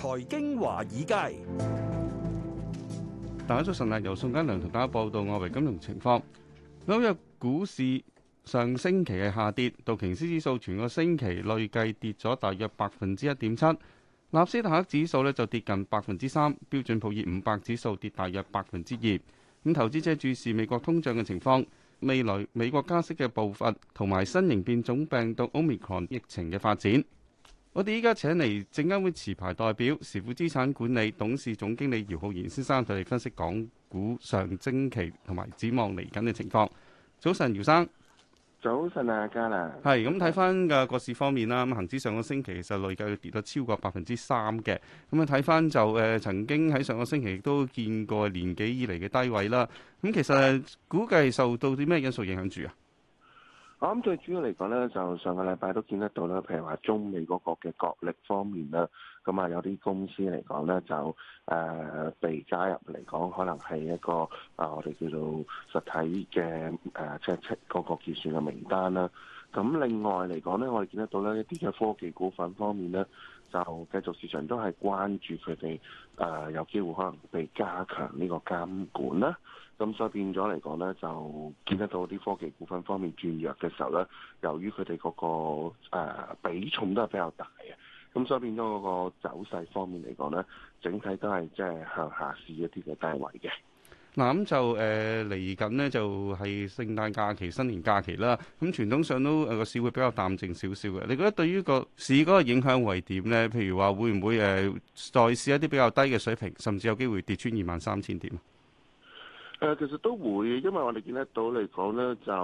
財經華爾街，大家早晨啊！由宋嘉良同大家報道外圍金融情況。紐約股市上星期係下跌，道瓊斯指數全個星期累計跌咗大約百分之一點七，納斯達克指數呢就跌近百分之三，標準普爾五百指數跌大約百分之二。咁投資者注視美國通脹嘅情況，未來美國加息嘅步伐同埋新型變種病毒 Omicron 疫情嘅發展。我哋依家請嚟證監會持牌代表、時富資產管理董事總經理姚浩然先生，對你分析港股上星期同埋展望嚟緊嘅情況。早晨，姚生。早晨啊，加拿。係咁睇翻嘅個市方面啦，咁恒指上個星期其實累計跌咗超過百分之三嘅。咁啊睇翻就誒，曾經喺上個星期都見過年幾以嚟嘅低位啦。咁其實估計受到啲咩因素影響住啊？我諗、啊、最主要嚟講咧，就上個禮拜都見得到咧，譬如話中美嗰個嘅國，角力方面啦，咁啊有啲公司嚟講咧就誒被、呃、加入嚟講，可能係一個啊我哋叫做實體嘅誒即係即嗰個結算嘅名單啦。咁另外嚟講咧，我哋見得到咧一啲嘅科技股份方面咧。就繼續市場都係關注佢哋誒有機會可能被加強呢個監管啦，咁所以變咗嚟講咧，就見得到啲科技股份方面轉弱嘅時候咧，由於佢哋嗰個、呃、比重都係比較大嘅，咁所以變咗嗰個走勢方面嚟講咧，整體都係即係向下試一啲嘅低位嘅。嗱，咁就誒嚟緊呢，就係、是、聖誕假期、新年假期啦。咁傳統上都誒個、啊、市會比較淡靜少少嘅。你覺得對於個市嗰個影響為點咧？譬如話會唔會誒、呃、再試一啲比較低嘅水平，甚至有機會跌穿二萬三千點？誒、呃，其實都會，因為我哋見得到嚟講咧，就誒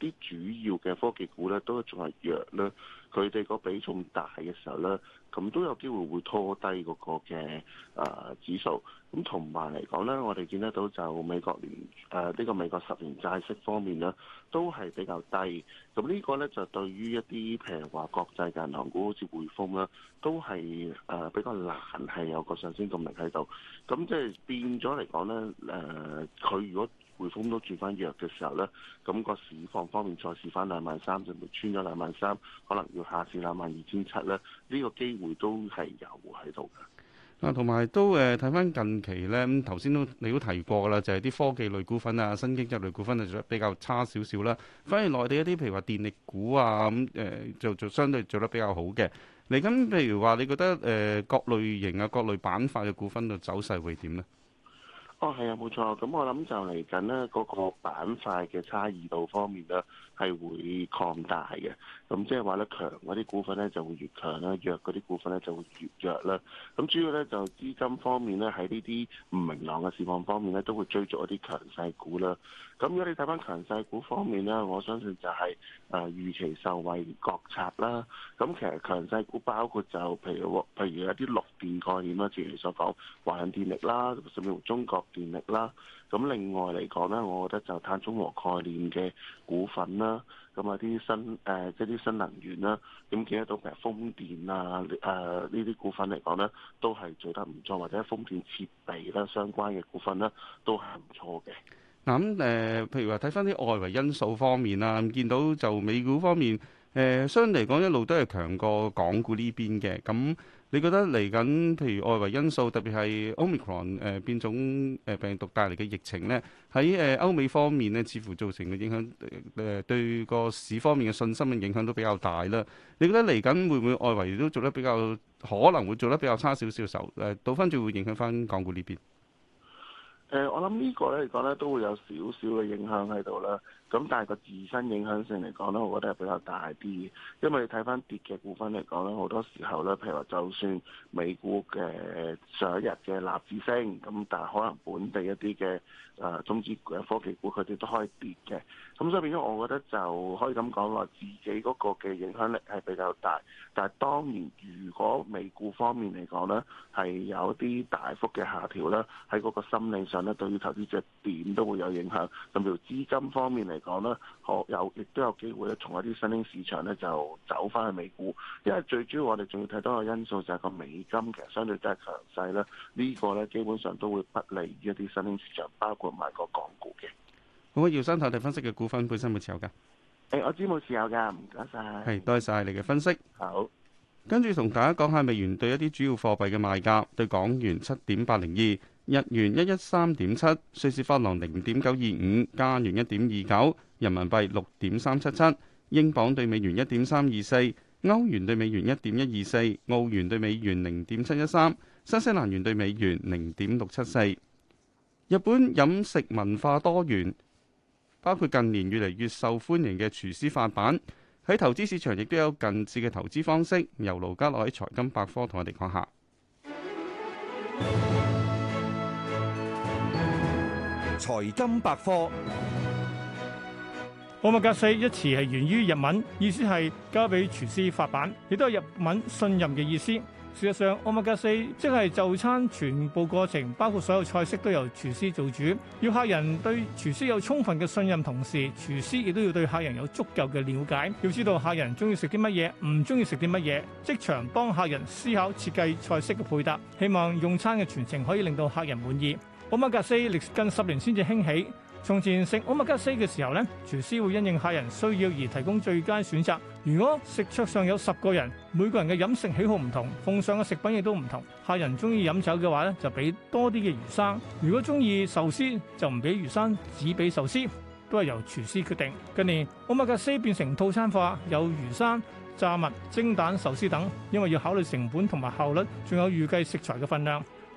啲、呃、主要嘅科技股咧都仲係弱啦。佢哋個比重大嘅時候咧，咁都有機會會拖低嗰個嘅啊、呃、指數。咁同埋嚟講咧，我哋見得到就美國聯誒呢個美國十年債息方面咧，都係比較低。咁呢個咧就對於一啲譬如話國際銀行股，好似匯豐啦，都係誒、呃、比較難係有個上升動力喺度。咁即係變咗嚟講咧，誒、呃、佢如果匯豐都轉翻弱嘅時候咧，咁、個市況方面再試翻兩萬三，就穿咗兩萬三，可能。下線兩萬二千七咧，呢個機會都係有喺度嘅。嗱，同埋都誒睇翻近期咧，咁頭先都你都提過啦，就係啲科技類股份啊、新經濟類股份啊做得比較差少少啦。反而內地一啲譬如話電力股啊咁誒，就做相對做得比較好嘅。嚟緊譬如話，你覺得誒各類型啊、各類板塊嘅股份嘅走勢會點咧？哦，係啊，冇錯。咁我諗就嚟緊呢個板塊嘅差異度方面呢，係會擴大嘅。咁即係話呢，強嗰啲股份呢就會越強啦，弱嗰啲股份呢就會越弱啦。咁主要呢就資金方面呢，喺呢啲唔明朗嘅市況方面呢，都會追逐一啲強勢股啦。咁如果你睇翻強勢股方面呢，我相信就係誒預期受惠國策啦。咁其實強勢股包括就譬如譬如有啲綠電概念啦，正如你所講，華潤電力啦，甚至乎中國。電力啦，咁另外嚟講咧，我覺得就碳中和概念嘅股份啦，咁啊啲新誒、呃、即係啲新能源啦，咁見得到其實風電啊誒呢啲股份嚟講咧，都係做得唔錯，或者風電設備啦相關嘅股份咧，都係唔錯嘅。嗱咁誒，譬如話睇翻啲外圍因素方面啊，見到就美股方面誒，相對嚟講一路都係強過港股呢邊嘅，咁。你覺得嚟緊，譬如外圍因素，特別係 Omicron 誒變種誒、呃、病毒帶嚟嘅疫情咧，喺誒、呃、歐美方面咧，似乎造成嘅影響誒、呃、對個市方面嘅信心嘅影響都比較大啦。你覺得嚟緊會唔會外圍都做得比較，可能會做得比較差少少手誒，倒翻轉會影響翻港股呢邊？誒，我諗呢個咧嚟講咧，都會有少少嘅影響喺度啦。咁但係個自身影響性嚟講咧，我覺得係比較大啲。因為你睇翻跌嘅股份嚟講咧，好多時候咧，譬如話就算美股嘅上一日嘅納指升，咁但係可能本地一啲嘅誒中資嘅科技股，佢哋都開跌嘅。咁所以變咗，我覺得就可以咁講話，自己嗰個嘅影響力係比較大。但係當然，如果美股方面嚟講咧，係有啲大幅嘅下調咧，喺嗰個心理上咧，對於投資者點都會有影響。咁譬如資金方面嚟講咧，學友亦都有機會咧，從一啲新興市場咧就走翻去美股，因為最主要我哋仲要睇多個因素，就係個美金其實相對真係強勢啦，呢、這個呢，基本上都會不利於一啲新興市場，包括埋個港股嘅。好，姚生，頭地分析嘅股份本身冇持有噶？誒、欸，我知冇持有噶，唔該晒。係多謝晒你嘅分析。好，跟住同大家講下美元對一啲主要貨幣嘅賣價，對港元七點八零二。日元一一三點七，瑞士法郎零點九二五，加元一點二九，人民幣六點三七七，英鎊兌美元一點三二四，歐元兌美元一點一二四，澳元兌美元零點七一三，新西蘭元兌美元零點六七四。日本飲食文化多元，包括近年越嚟越受歡迎嘅廚師發辦。喺投資市場亦都有近似嘅投資方式。由盧家樂喺財金百科同我哋講下。 財金百科，奧物格四一詞係源於日文，意思係交俾廚師發辦，亦都係日文信任嘅意思。事實上，奧物格四即係就餐全部過程，包括所有菜式都由廚師做主，要客人對廚師有充分嘅信任，同時廚師亦都要對客人有足夠嘅了解，要知道客人中意食啲乜嘢，唔中意食啲乜嘢，即場幫客人思考設計菜式嘅配搭，希望用餐嘅全程可以令到客人滿意。奧麥格西歷近十年先至興起。從前食奧麥格西嘅時候咧，廚師會因應客人需要而提供最佳選擇。如果食桌上有十個人，每個人嘅飲食喜好唔同，奉上嘅食品亦都唔同。客人中意飲酒嘅話咧，就俾多啲嘅魚生；如果中意壽司，就唔俾魚生，只俾壽司，都係由廚師決定。近年奧麥格西變成套餐化，有魚生、炸物、蒸蛋、壽司等，因為要考慮成本同埋效率，仲有預計食材嘅份量。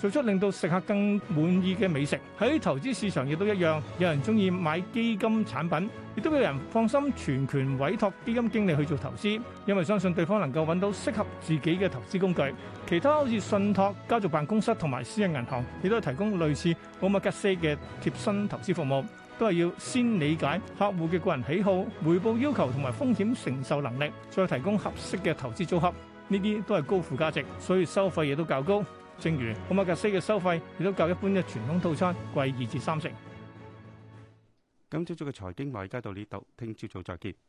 做出令到食客更滿意嘅美食，喺投資市場亦都一樣，有人中意買基金產品，亦都有人放心全權委託基金經理去做投資，因為相信對方能夠揾到適合自己嘅投資工具。其他好似信託家族辦公室同埋私人銀行，亦都提供類似奧馬卡西嘅貼身投資服務，都係要先理解客戶嘅個人喜好、回報要求同埋風險承受能力，再提供合適嘅投資組合。呢啲都係高附加值，所以收費亦都較高。正如普麥格斯嘅收費，亦都較一般嘅傳統套餐貴二至三成。今朝早嘅財經話題到呢度，聽朝早再見。